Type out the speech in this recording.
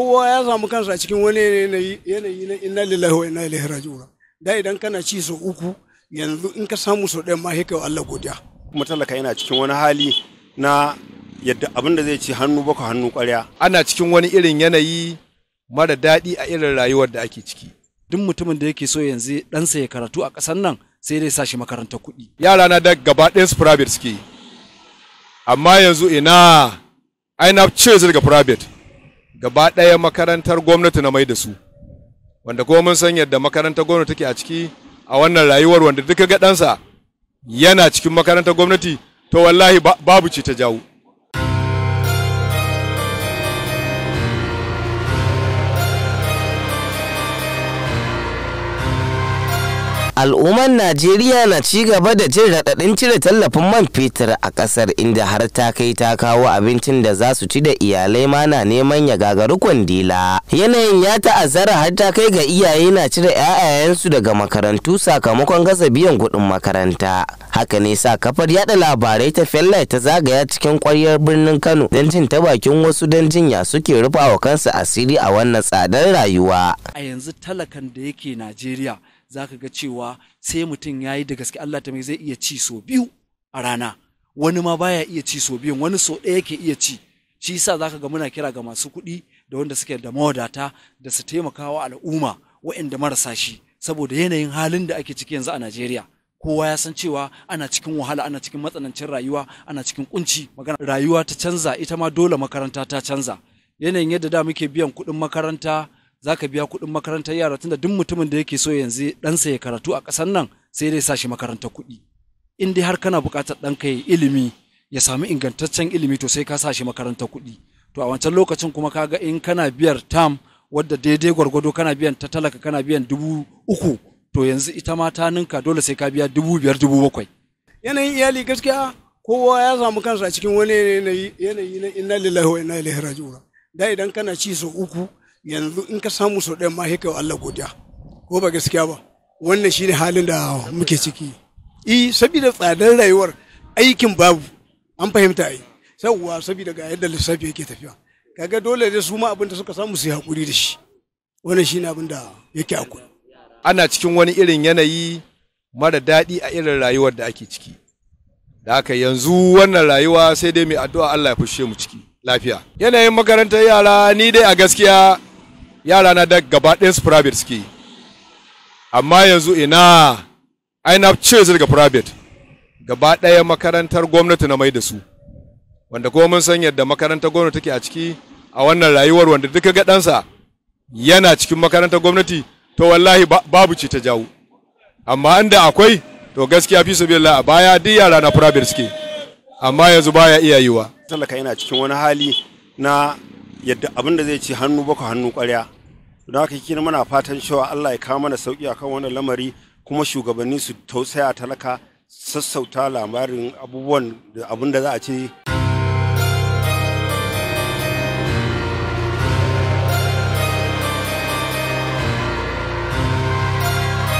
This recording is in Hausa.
kowa ya samu kansa cikin wani yanayi yanayi na inna lillahi wa inna ilaihi raji'un da idan kana ci sau uku yanzu in ka samu sau ɗaya ma sai kai Allah godiya kuma talaka yana cikin wani hali na yadda abin da zai ci hannu baka hannu ƙwarya ana cikin wani irin yanayi mara daɗi a irin rayuwar da ake ciki duk mutumin da yake so yanzu ɗansa ya karatu a ƙasar nan sai dai sa shi makarantar kuɗi yara na da gaba ɗayan su private suke amma yanzu ina ai na daga private gaba ɗaya makarantar gwamnati na mai da su wanda kuma mun san yadda makarantar gwamnati take a ciki a wannan rayuwar wanda duka ga ɗansa yana cikin makarantar gwamnati to wallahi babu ce ta jawo al'ummar najeriya na ci gaba da jin raɗaɗin cire tallafin man fetur a ƙasar inda har ta kai ta kawo abincin da za su ci da iyalai ma na neman ya gagaru kwandila yanayin ya ta'azzara har ta kai ga iyaye na cire 'ya'yayensu daga makarantu sakamakon gasa biyan kuɗin makaranta haka ne sa kafar yada labarai ta fella ta zagaya cikin kwaryar birnin kano don jin ta bakin wasu don jinya suke rufa wa kansu asiri a wannan tsadar rayuwa a yanzu talakan da yake najeriya za ka ga cewa sai mutum ya yi da gaske Allah ta mai zai iya ci so biyu a rana wani ma baya iya ci so biyun wani so ɗaya yake iya ci shi sa za ka ga muna kira ga masu kuɗi da wanda suke da mawadata da su taimakawa al'umma waɗanda marasa shi saboda yanayin halin da ake ciki yanzu a Najeriya kowa ya san cewa ana cikin wahala ana cikin matsanancin rayuwa ana cikin kunci magana rayuwa ta canza ita ma dole makaranta ta canza yanayin yadda da muke biyan kuɗin makaranta za ka biya kuɗin makarantar yara tunda duk mutumin da yake so yanzu ɗansa ya karatu a ƙasar nan sai dai sa shi makarantar kuɗi in dai har kana buƙatar ɗanka ya ilimi ya samu ingantaccen ilimi to sai ka sa makarantar kuɗi to a wancan lokacin kuma kaga in kana biyar tam wadda daidai gwargwado kana biyan ta talaka kana biyan dubu uku to yanzu ita ma ta ninka dole sai ka biya dubu biyar dubu bakwai yanayin iyali gaskiya kowa ya samu kansa cikin wani yanayi na inna lillahi wa inna ilaihi raji'un da idan kana ci sau uku yanzu in ka samu sau ɗaya ma sai Allah godiya ko ba gaskiya ba wannan shi ne halin da muke ciki i saboda tsadar rayuwar aikin babu an fahimta ai sauwa saboda ga yadda lissafi yake tafiya kaga dole da su ma abin da suka samu su yi hakuri da shi wannan shi ne abin da yake hakuri ana cikin wani irin yanayi mara daɗi a irin rayuwar da ake ciki da haka yanzu wannan rayuwa sai dai mai addu'a Allah ya fushe mu ciki lafiya yanayin makarantar yara ni dai a gaskiya yara na da gaba ɗaya su private suke yi amma yanzu ina ai na cire su daga private gaba ɗaya makarantar gwamnati na mai da su wanda kuma mun san yadda makarantar gwamnati take a ciki a wannan rayuwar wanda duka ga ɗansa yana cikin makarantar gwamnati to wallahi babu ce ta jawo amma inda akwai to gaskiya fi su a baya duk yara na private suke amma yanzu baya iya yiwa talaka yana cikin wani hali na yadda abin da zai ci hannu baka hannu kwarya don haka kina muna fatan cewa Allah ya kawo mana sauki akan wannan lamari kuma shugabanni su tausaya talaka sassauta labarin abubuwan da abin da za a ce